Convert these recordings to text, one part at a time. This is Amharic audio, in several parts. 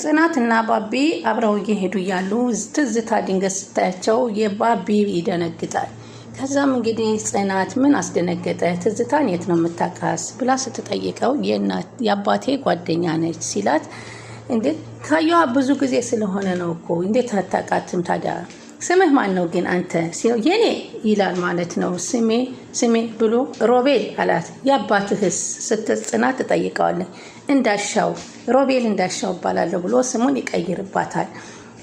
ጽናትና ባቢ አብረው እየሄዱ እያሉ ትዝታ ድንገት ስታያቸው የባቢ ይደነግጣል። ከዛም እንግዲህ ጽናት ምን አስደነገጠ ትዝታን የት ነው የምታውቃት ብላ ስትጠይቀው የአባቴ ጓደኛ ነች ሲላት እንዴት ካየኋት ብዙ ጊዜ ስለሆነ ነው እኮ እንዴት አታውቃትም ታዲያ ስምህ ማን ነው ግን አንተ ሲለው የኔ ይላል ማለት ነው። ስሜ ስሜ ብሎ ሮቤል አላት። የአባትህስ ስትጽና ትጠይቀዋለች። እንዳሻው ሮቤል እንዳሻው እባላለሁ ብሎ ስሙን ይቀይርባታል።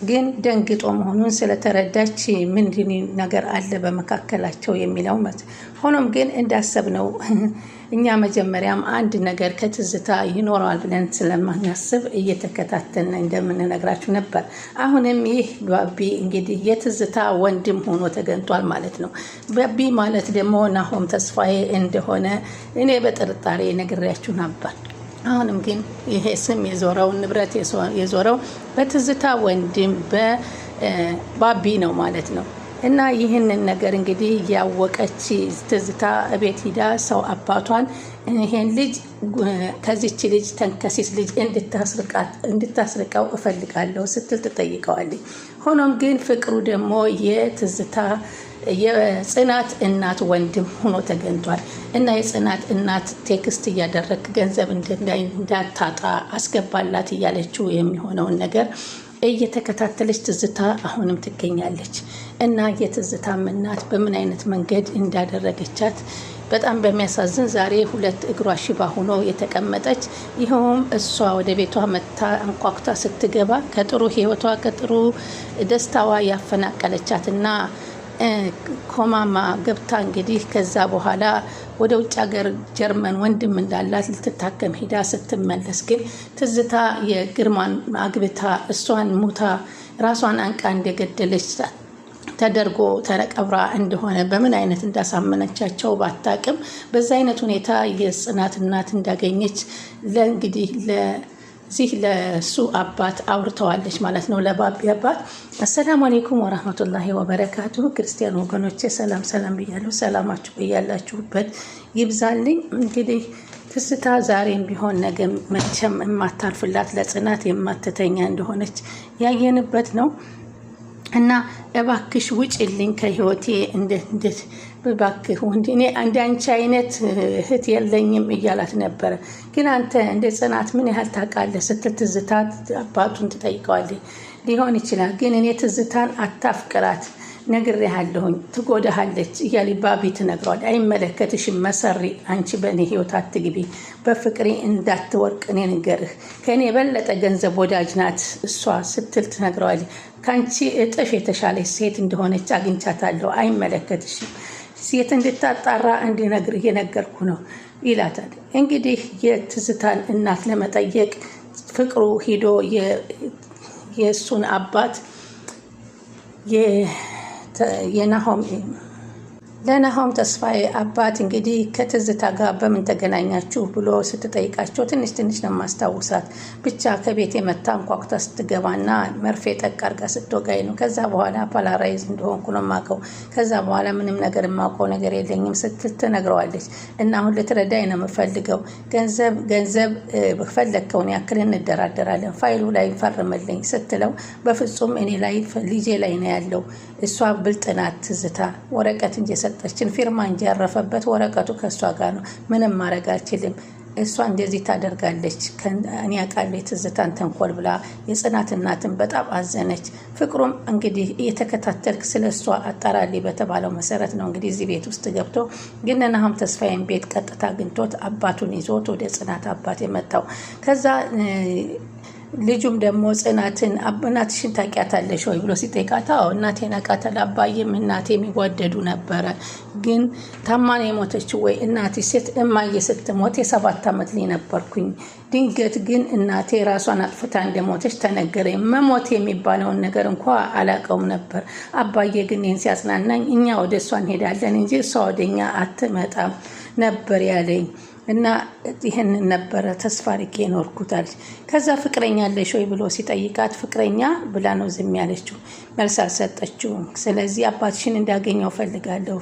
ግን ደንግጦ መሆኑን ስለተረዳች ምንድን ነገር አለ በመካከላቸው የሚለው ሆኖም ግን ነው እኛ መጀመሪያም አንድ ነገር ከትዝታ ይኖረዋል ብለን ስለማናስብ እየተከታተልን እንደምንነግራችሁ ነበር። አሁንም ይህ ባቢ እንግዲህ የትዝታ ወንድም ሆኖ ተገንቷል ማለት ነው። ባቢ ማለት ደግሞ ናሆም ተስፋዬ እንደሆነ እኔ በጥርጣሬ ነግሬያችሁ ነበር። አሁንም ግን ይሄ ስም የዞረው ንብረት የዞረው በትዝታ ወንድም በባቢ ነው ማለት ነው። እና ይህንን ነገር እንግዲህ ያወቀች ትዝታ እቤት ሂዳ ሰው አባቷን ይሄን ልጅ ከዚች ልጅ ተንከሲስ ልጅ እንድታስርቀው እፈልጋለሁ ስትል ትጠይቀዋለች። ሆኖም ግን ፍቅሩ ደግሞ የትዝታ የጽናት እናት ወንድም ሆኖ ተገኝቷል እና የጽናት እናት ቴክስት እያደረግ ገንዘብ እንዳታጣ አስገባላት እያለችው የሚሆነውን ነገር እየተከታተለች ትዝታ አሁንም ትገኛለች እና የትዝታም እናት በምን አይነት መንገድ እንዳደረገቻት በጣም በሚያሳዝን ዛሬ ሁለት እግሯ ሽባ ሆኖ የተቀመጠች ይኸውም እሷ ወደ ቤቷ መታ አንኳኩታ ስትገባ ከጥሩ ህይወቷ ከጥሩ ደስታዋ ያፈናቀለቻትና ኮማማ ገብታ እንግዲህ ከዛ በኋላ ወደ ውጭ ሀገር ጀርመን ወንድም እንዳላት ልትታከም ሄዳ ስትመለስ ግን ትዝታ የግርማን አግብታ እሷን ሙታ ራሷን አንቃ እንደገደለች ተደርጎ ተቀብራ እንደሆነ በምን አይነት እንዳሳመነቻቸው ባታቅም በዛ አይነት ሁኔታ የጽናት እናት እንዳገኘች ለእንግዲህ እዚህ ለሱ አባት አውርተዋለች ማለት ነው፣ ለባቢ አባት። አሰላሙ አሌይኩም ወረህመቱላሂ ወበረካቱ። ክርስቲያን ወገኖቼ ሰላም ሰላም ብያለሁ። ሰላማችሁ ብያላችሁበት ይብዛልኝ። እንግዲህ ትስታ ዛሬም ቢሆን ነገ መቼም የማታልፍላት ለጽናት የማትተኛ እንደሆነች ያየንበት ነው እና እባክሽ ውጭልኝ ከህይወቴ እንዴት እባክህ ወንድ እኔ እንደ አንቺ አይነት እህት የለኝም እያላት ነበረ። ግን አንተ እንደ ጽናት ምን ያህል ታውቃለህ ስትል ትዝታት አባቱን ትጠይቀዋለች። ሊሆን ይችላል ግን እኔ ትዝታን አታፍቅራት ነግሬሃለሁኝ ትጎዳሃለች እያለ ባቢ ትነግረዋል። አይመለከትሽም መሰሪ፣ አንቺ በእኔ ህይወት አትግቢ፣ በፍቅሬ እንዳትወርቅ እኔ ንገርህ፣ ከእኔ የበለጠ ገንዘብ ወዳጅ ናት እሷ ስትል ትነግረዋል። ከአንቺ እጥፍ የተሻለች ሴት እንደሆነች አግኝቻታለሁ፣ አይመለከትሽም ሴት እንድታጣራ እንዲነግር እየነገርኩ ነው ይላታል። እንግዲህ የትዝታን እናት ለመጠየቅ ፍቅሩ ሂዶ የእሱን አባት የናሆም ለናሆም ተስፋዬ አባት እንግዲህ ከትዝታ ጋር በምን ተገናኛችሁ ብሎ ስትጠይቃቸው ትንሽ ትንሽ ነው ማስታውሳት ብቻ ከቤት የመታ እንኳኩታ ስትገባና መርፌ ጠቅ አድርጋ ስትወጋኝ ነው። ከዛ በኋላ ፓላራይዝ እንደሆንኩ ነው የማውቀው። ከዛ በኋላ ምንም ነገር የማውቀው ነገር የለኝም ስትል ትነግረዋለች። እና አሁን ልትረዳኝ ነው የምፈልገው። ገንዘብ ገንዘብ ፈለግከውን ያክል እንደራደራለን፣ ፋይሉ ላይ ፈርምልኝ ስትለው በፍጹም እኔ ላይ ልጄ ላይ ነው ያለው እሷ ብልጥናት ትዝታ ወረቀት የሰጠችን ፊርማ እንጂ ያረፈበት ወረቀቱ ከእሷ ጋር ነው። ምንም ማድረግ አልችልም። እሷ እንደዚህ ታደርጋለች። እኔ ያውቃለሁ የትዝታን ተንኮል ብላ የጽናት እናትን በጣም አዘነች። ፍቅሩም እንግዲህ እየተከታተልክ ስለ እሷ አጣራሌ በተባለው መሰረት ነው እንግዲህ እዚህ ቤት ውስጥ ገብቶ ግን ናሁም ተስፋዬን ቤት ቀጥታ አግኝቶት አባቱን ይዞት ወደ ጽናት አባት የመጣው ከዛ ልጁም ደግሞ ጽናትን እናትሽን ታውቂያታለሽ ወይ ብሎ ሲጠይቃት አዎ እናቴን አውቃታለሁ አባዬም እናቴ የሚዋደዱ ነበረ ግን ታማን የሞተች ወይ እናቴ ሴት እማዬ ስትሞት የሰባት ዓመት ላይ ነበርኩኝ ድንገት ግን እናቴ ራሷን አጥፍታ እንደሞተች ተነገረኝ መሞት የሚባለውን ነገር እንኳ አላውቀውም ነበር አባዬ ግን ይህን ሲያጽናናኝ እኛ ወደ እሷ እንሄዳለን እንጂ እሷ ወደኛ አትመጣም ነበር ያለኝ እና ይህንን ነበረ ተስፋ አድርጌ የኖርኩት አለች። ከዛ ፍቅረኛ አለሽ ወይ ብሎ ሲጠይቃት ፍቅረኛ ብላ ነው ዝም ያለችው፣ መልስ አልሰጠችውም። ስለዚህ አባትሽን እንዳገኘው ፈልጋለሁ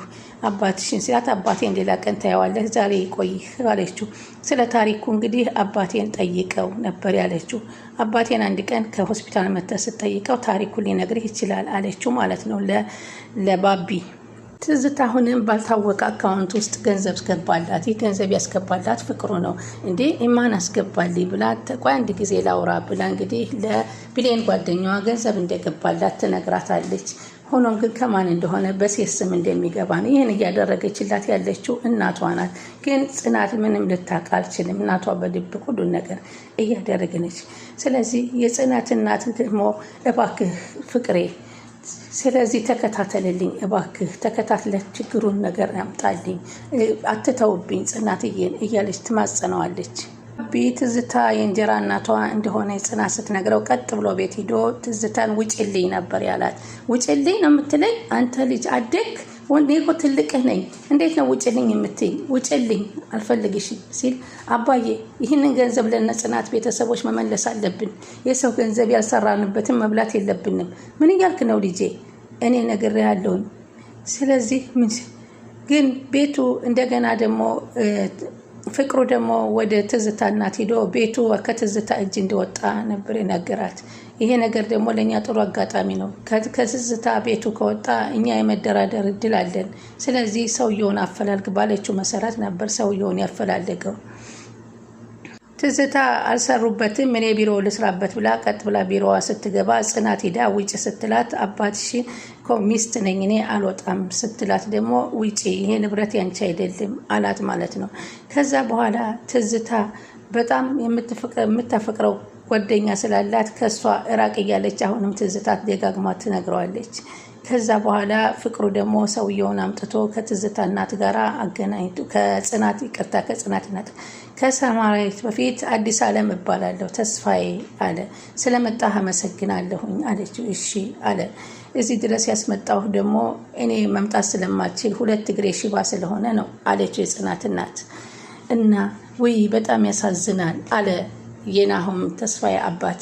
አባትሽን ሲላት አባቴን ሌላ ቀን ታየዋለህ፣ ዛሬ ይቆይህ አለችው። ስለ ታሪኩ እንግዲህ አባቴን ጠይቀው ነበር ያለችው። አባቴን አንድ ቀን ከሆስፒታል መጥተህ ስትጠይቀው ታሪኩን ሊነግርህ ይችላል አለችው ማለት ነው ለባቢ ትዝታ አሁንም ባልታወቀ አካውንት ውስጥ ገንዘብ አስገባላት። ይህ ገንዘብ ያስገባላት ፍቅሩ ነው እንዴ ኢማን አስገባልኝ ብላ ተቋ አንድ ጊዜ ላውራ ብላ እንግዲህ ለብሌን ጓደኛዋ ገንዘብ እንደገባላት ትነግራታለች። ሆኖም ግን ከማን እንደሆነ በሴት ስም እንደሚገባ ነው። ይህን እያደረገችላት ያለችው እናቷ ናት። ግን ጽናት ምንም ልታውቅ አልችልም። እናቷ በድብቅ ሁሉን ነገር እያደረግነች። ስለዚህ የጽናት እናት ደግሞ እባክህ ፍቅሬ ስለዚህ ተከታተልልኝ እባክህ፣ ተከታትለህ ችግሩን ነገር ያምጣልኝ አትተውብኝ ጽናትዬን እያለች ትማጸነዋለች። ትዝታ የእንጀራ እናቷ እንደሆነ ጽናት ስትነግረው ቀጥ ብሎ ቤት ሂዶ ትዝታን ውጭልኝ ነበር ያላት። ውጭልኝ ነው የምትለኝ አንተ ልጅ አደግ ወንድ እኮ ትልቅህ ነኝ፣ እንዴት ነው ውጭልኝ የምትይኝ? ውጭልኝ አልፈልግሽም ሲል አባዬ ይህንን ገንዘብ ለነ ጽናት ቤተሰቦች መመለስ አለብን። የሰው ገንዘብ ያልሰራንበትን መብላት የለብንም። ምን እያልክ ነው ልጄ? እኔ ያለውን ስለዚህ ግን ቤቱ እንደገና ደግሞ ፍቅሩ ደግሞ ወደ ትዝታ እናት ሂዶ ቤቱ ከትዝታ እጅ እንደወጣ ነበር የነገራት። ይሄ ነገር ደግሞ ለእኛ ጥሩ አጋጣሚ ነው። ከትዝታ ቤቱ ከወጣ እኛ የመደራደር እድል አለን። ስለዚህ ሰውየውን አፈላልግ ባለችው መሰረት ነበር ሰውየውን ያፈላልገው። ትዝታ አልሰሩበትም እኔ ቢሮ ልስራበት ብላ ቀጥ ብላ ቢሮዋ ስትገባ ጽናት ሂዳ ውጭ ስትላት አባትሽን ሚስት ነኝ እኔ አልወጣም ስትላት ደግሞ ውጪ ይሄ ንብረት ያንቺ አይደለም አላት ማለት ነው። ከዛ በኋላ ትዝታ በጣም የምታፈቅረው ጓደኛ ስላላት ከእሷ እራቅ እያለች አሁንም ትዝታት ደጋግማ ትነግረዋለች። ከዛ በኋላ ፍቅሩ ደግሞ ሰውየውን አምጥቶ ከትዝታ እናት ጋር አገናኝቱ ከጽናት ይቅርታ፣ ከጽናት እናት ከሰማራዊት በፊት አዲስ አለም እባላለሁ ተስፋዬ አለ። ስለመጣህ አመሰግናለሁኝ አለችው። እሺ አለ። እዚህ ድረስ ያስመጣሁ ደግሞ እኔ መምጣት ስለማልችል ሁለት እግሬ ሽባ ስለሆነ ነው አለችው የጽናት እናት እና ውይ በጣም ያሳዝናል አለ የናሆም ተስፋዬ አባት።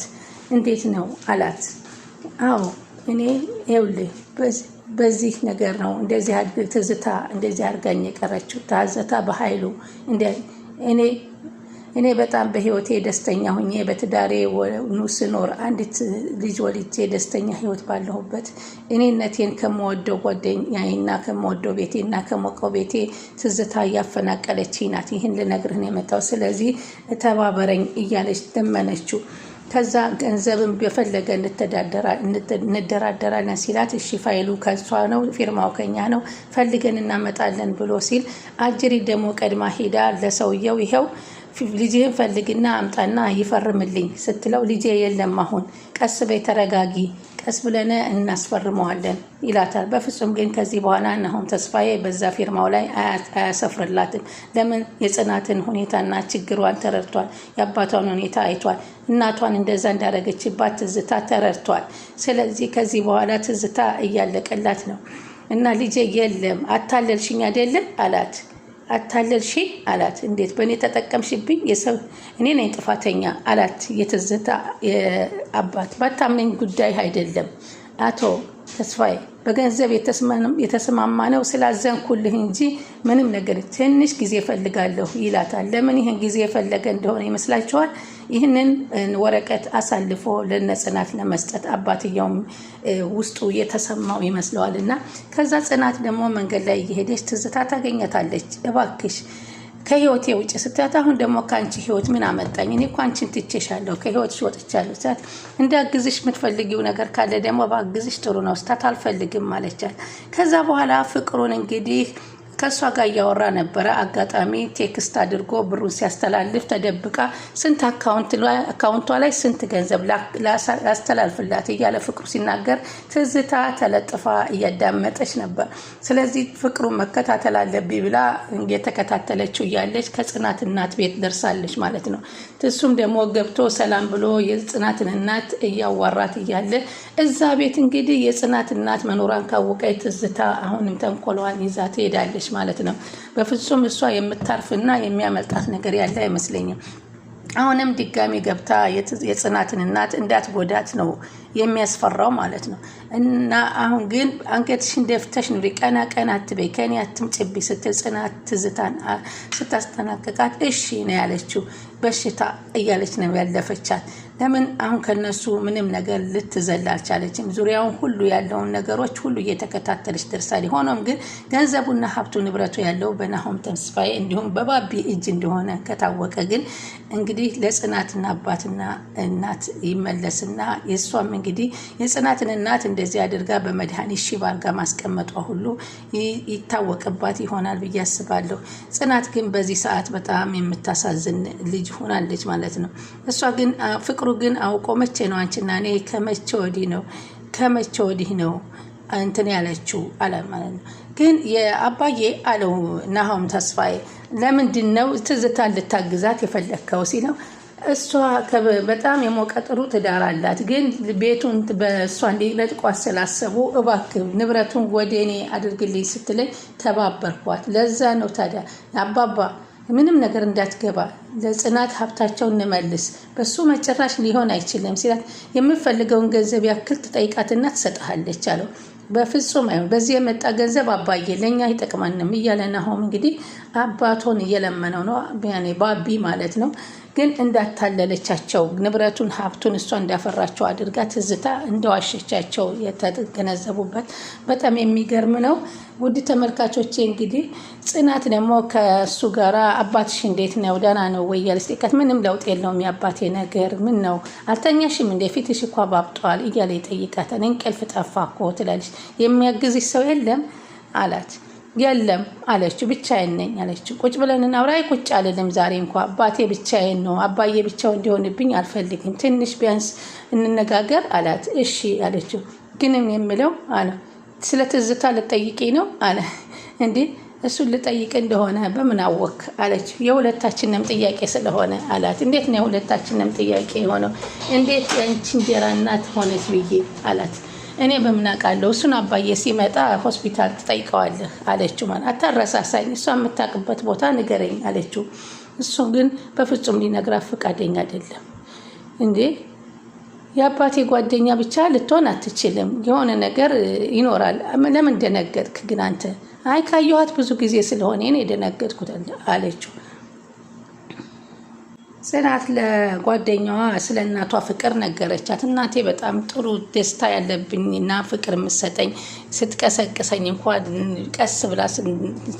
እንዴት ነው አላት። አዎ እኔ ይኸውልህ በዚህ ነገር ነው እንደዚህ አድግ ትዝታ እንደዚህ አድርጋኝ የቀረችው ታዘታ በኃይሉ እኔ እኔ በጣም በህይወቴ ደስተኛ ሁኜ በትዳሬ ኑ ስኖር አንዲት ልጅ ወልጄ ደስተኛ ህይወት ባለሁበት እኔነቴን ከመወደው ጓደኛዬና ከምወደው ቤቴና ከሞቀው ቤቴ ትዝታ እያፈናቀለች ናት። ይህን ልነግርህን የመጣው ስለዚህ ተባበረኝ እያለች ለመነችው። ከዛ ገንዘብን በፈለገ እንደራደራለን ሲላት እሺ ፋይሉ ከሷ ነው፣ ፊርማው ከኛ ነው፣ ፈልገን እናመጣለን ብሎ ሲል አጅሪ ደግሞ ቀድማ ሄዳ ለሰውየው ይኸው ልጄን ፈልግና አምጣና ይፈርምልኝ ስትለው ልጄ የለም አሁን ቀስ በይ ተረጋጊ፣ ቀስ ብለን እናስፈርመዋለን ይላታል። በፍጹም ግን ከዚህ በኋላ ናሆም ተስፋዬ በዛ ፊርማው ላይ አያሰፍርላትም። ለምን? የጽናትን ሁኔታና ችግሯን ተረድቷል። የአባቷን ሁኔታ አይቷል። እናቷን እንደዛ እንዳደረገችባት ትዝታ ተረድቷል። ስለዚህ ከዚህ በኋላ ትዝታ እያለቀላት ነው እና ልጄ የለም አታለልሽኝ አይደለም አላት። አታለልሽ አላት። እንዴት በእኔ ተጠቀምሽብኝ? እኔ ነኝ ጥፋተኛ አላት። የትዝታ አባት ባታምነኝ ጉዳይ አይደለም አቶ ተስፋዬ በገንዘብ የተስማማ ነው ስላዘንኩልህ እንጂ ምንም ነገር ትንሽ ጊዜ እፈልጋለሁ ይላታል። ለምን ይህን ጊዜ የፈለገ እንደሆነ ይመስላችኋል? ይህንን ወረቀት አሳልፎ ለነጽናት ለመስጠት አባትየውም ውስጡ የተሰማው ይመስለዋል እና ከዛ ጽናት ደግሞ መንገድ ላይ እየሄደች ትዝታ ታገኘታለች። እባክሽ ከህይወት የውጭ ስትላት፣ አሁን ደግሞ ከአንቺ ህይወት ምን አመጣኝ? እኔ እኮ አንቺን ትቼሻለሁ፣ ከህይወትሽ ወጥቻለሁ ስትላት፣ እንዳግዝሽ የምትፈልጊው ነገር ካለ ደግሞ ባግዝሽ ጥሩ ነው ስታት አልፈልግም አለቻት። ከዛ በኋላ ፍቅሩን እንግዲህ ከእሷ ጋር እያወራ ነበረ። አጋጣሚ ቴክስት አድርጎ ብሩን ሲያስተላልፍ ተደብቃ ስንት አካውንቷ ላይ ስንት ገንዘብ ላስተላልፍላት እያለ ፍቅሩ ሲናገር ትዝታ ተለጥፋ እያዳመጠች ነበር። ስለዚህ ፍቅሩን መከታተል አለብኝ ብላ እየተከታተለችው እያለች ከጽናት እናት ቤት ደርሳለች ማለት ነው። እሱም ደግሞ ገብቶ ሰላም ብሎ የጽናትን እናት እያዋራት እያለ እዛ ቤት እንግዲህ የጽናት እናት መኖሯን ካወቀ ትዝታ አሁንም ተንኮሏን ይዛ ትሄዳለች ማለት ነው። በፍጹም እሷ የምታርፍና የሚያመልጣት ነገር ያለ አይመስለኝም። አሁንም ድጋሚ ገብታ የጽናትን እናት እንዳትጎዳት ነው የሚያስፈራው ማለት ነው። እና አሁን ግን አንገትሽን ደፍተሽ ኑሪ፣ ቀና ቀና አትበይ፣ ከኔ አትምጭብኝ ስትል ጽናት ትዝታን ስታስጠናቀቃት እሺ ነው ያለችው። በሽታ እያለች ነው ያለፈቻት። ለምን አሁን ከነሱ ምንም ነገር ልትዘል አልቻለችም? ዙሪያውን ሁሉ ያለውን ነገሮች ሁሉ እየተከታተለች ደርሳል። ሆኖም ግን ገንዘቡና ሀብቱ ንብረቱ ያለው በናሆም ተስፋዬ እንዲሁም በባቢ እጅ እንደሆነ ከታወቀ ግን እንግዲህ ለጽናትና አባትና እናት ይመለስና የእሷም እንግዲህ የጽናትን እናት እንደዚህ አድርጋ በመድኃኒት ሺ ባርጋ ማስቀመጧ ሁሉ ይታወቅባት ይሆናል ብዬ አስባለሁ። ጽናት ግን በዚህ ሰዓት በጣም የምታሳዝን ልጅ ሆናለች ማለት ነው። እሷ ግን ፍቅሩ ፍቅሩ ግን አውቆ መቼ ነው አንቺና እኔ ከመቼ ወዲህ ነው ከመቼ ወዲህ ነው እንትን ያለችው አለ ማለት ነው። ግን የአባዬ አለው ናሆም ተስፋዬ ለምንድን ነው ትዝታ ልታግዛት የፈለግከው ሲለው እሷ በጣም የሞቀ ጥሩ ትዳር አላት፣ ግን ቤቱን በእሷ እንዲነጥቋት ስላሰቡ እባክህ ንብረቱን ወደ እኔ አድርግልኝ ስትለኝ ተባበርኳት። ለዛ ነው ታዲያ አባባ ምንም ነገር እንዳትገባ ለጽናት ሀብታቸው እንመልስ በሱ መጨራሽ ሊሆን አይችልም ሲላት የምፈልገውን ገንዘብ ያክል ትጠይቃትና ትሰጥሃለች አለው። በፍጹም አይሆን በዚህ የመጣ ገንዘብ አባዬ ለእኛ ይጠቅማንም እያለ ናሆም እንግዲህ አባቶን እየለመነው ነው ባቢ ማለት ነው ግን እንዳታለለቻቸው ንብረቱን ሀብቱን እሷ እንዳፈራቸው አድርጋ ትዝታ እንደዋሸቻቸው የተገነዘቡበት በጣም የሚገርም ነው። ውድ ተመልካቾቼ እንግዲህ ጽናት ደግሞ ከእሱ ጋር አባትሽ እንዴት ነው ደህና ነው ወይ እያለ ስጠይቃት ምንም ለውጥ የለውም የአባቴ ነገር ምን ነው አልተኛሽም እንደ ፊትሽ እኮ ባብጧል እያለ ይጠይቃታል። እንቅልፍ ጠፋ እኮ ትላለች። የሚያግዝሽ ሰው የለም አላት። የለም አለችው። ብቻዬን ነኝ አለችው። ቁጭ ብለን እናውራ። ቁጭ አልልም ዛሬ እንኳ አባቴ ብቻዬን ነው። አባዬ ብቻው እንዲሆንብኝ አልፈልግም። ትንሽ ቢያንስ እንነጋገር አላት። እሺ አለችው። ግንም የምለው አለ ስለ ትዝታ ልጠይቄ ነው አለ። እንዴ እሱን ልጠይቅ እንደሆነ በምን አወክ አለች የሁለታችንም ጥያቄ ስለሆነ አላት። እንዴት ነው የሁለታችንም ጥያቄ የሆነው? እንዴት የአንቺ እንጀራ እናት ሆነች ብዬ አላት። እኔ በምን አውቃለሁ እሱን አባዬ ሲመጣ ሆስፒታል ትጠይቀዋለህ አለችው። ማለት አታረሳሳኝ፣ እሷ የምታውቅበት ቦታ ንገረኝ አለችው። እሱ ግን በፍጹም ሊነግራት ፈቃደኛ አይደለም። እንዴ የአባቴ ጓደኛ ብቻ ልትሆን አትችልም፣ የሆነ ነገር ይኖራል። ለምን ደነገጥክ ግን አንተ? አይ ካየኋት ብዙ ጊዜ ስለሆነ እኔ የደነገጥኩት አለችው። ጽናት ለጓደኛዋ ስለ እናቷ ፍቅር ነገረቻት። እናቴ በጣም ጥሩ ደስታ ያለብኝና ፍቅር የምትሰጠኝ ስትቀሰቅሰኝ እንኳን ቀስ ብላ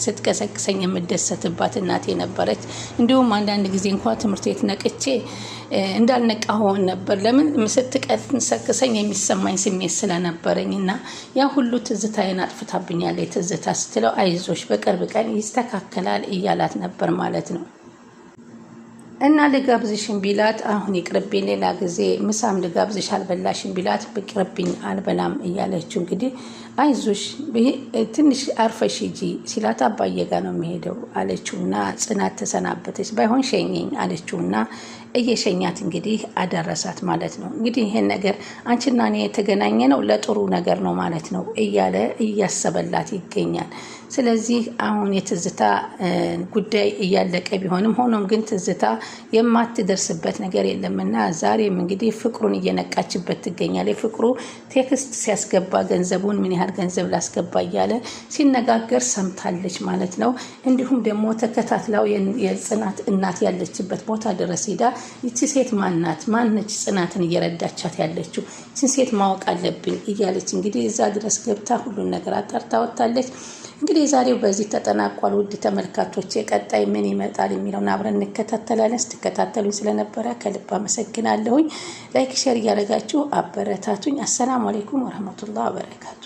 ስትቀሰቅሰኝ የምደሰትባት እናቴ ነበረች። እንዲሁም አንዳንድ ጊዜ እንኳ ትምህርት ቤት ነቅቼ እንዳልነቃ ሆን ነበር። ለምን ስትቀሰቅሰኝ የሚሰማኝ ስሜት ስለነበረኝ እና ያ ሁሉ ትዝታዬን አጥፍታብኛለች ትዝታ ስትለው አይዞሽ፣ በቅርብ ቀን ይስተካከላል እያላት ነበር ማለት ነው። እና ልጋብዝሽን ቢላት አሁን ይቅርብኝ፣ ሌላ ጊዜ ምሳም ልጋብዝሽ አልበላሽን ቢላት ብቅርብኝ አልበላም እያለችው እንግዲህ አይዞሽ ትንሽ አርፈሽ ሂጂ ሲላት አባዬ ጋ ነው የሚሄደው አለችውና ጽናት ተሰናበተች። ባይሆን ሸኘኝ አለችውና እየሸኛት እንግዲህ አደረሳት ማለት ነው። እንግዲህ ይሄን ነገር አንቺና እኔ የተገናኘ ነው ለጥሩ ነገር ነው ማለት ነው እያለ እያሰበላት ይገኛል። ስለዚህ አሁን የትዝታ ጉዳይ እያለቀ ቢሆንም ሆኖም ግን ትዝታ የማትደርስበት ነገር የለምና ዛሬም እንግዲህ ፍቅሩን እየነቃችበት ትገኛለች። ፍቅሩ ቴክስት ሲያስገባ ገንዘቡን ምን ያህል ገንዘብ ላስገባ እያለ ሲነጋገር ሰምታለች ማለት ነው። እንዲሁም ደግሞ ተከታትላው የጽናት እናት ያለችበት ቦታ ድረስ ሄዳ ይቺ ሴት ማናት? ማነች ጽናትን እየረዳቻት ያለችው? ሴት ማወቅ አለብኝ እያለች እንግዲህ እዛ ድረስ ገብታ ሁሉን ነገር አጣርታ ወጥታለች። እንግዲህ የዛሬው በዚህ ተጠናቋል። ውድ ተመልካቾች የቀጣይ ምን ይመጣል የሚለውን አብረን እንከታተላለን። ስትከታተሉኝ ስለነበረ ከልብ አመሰግናለሁኝ። ላይክ፣ ሸር እያደረጋችሁ አበረታቱኝ። አሰላሙ አሌይኩም ወረህመቱላህ በረካቱ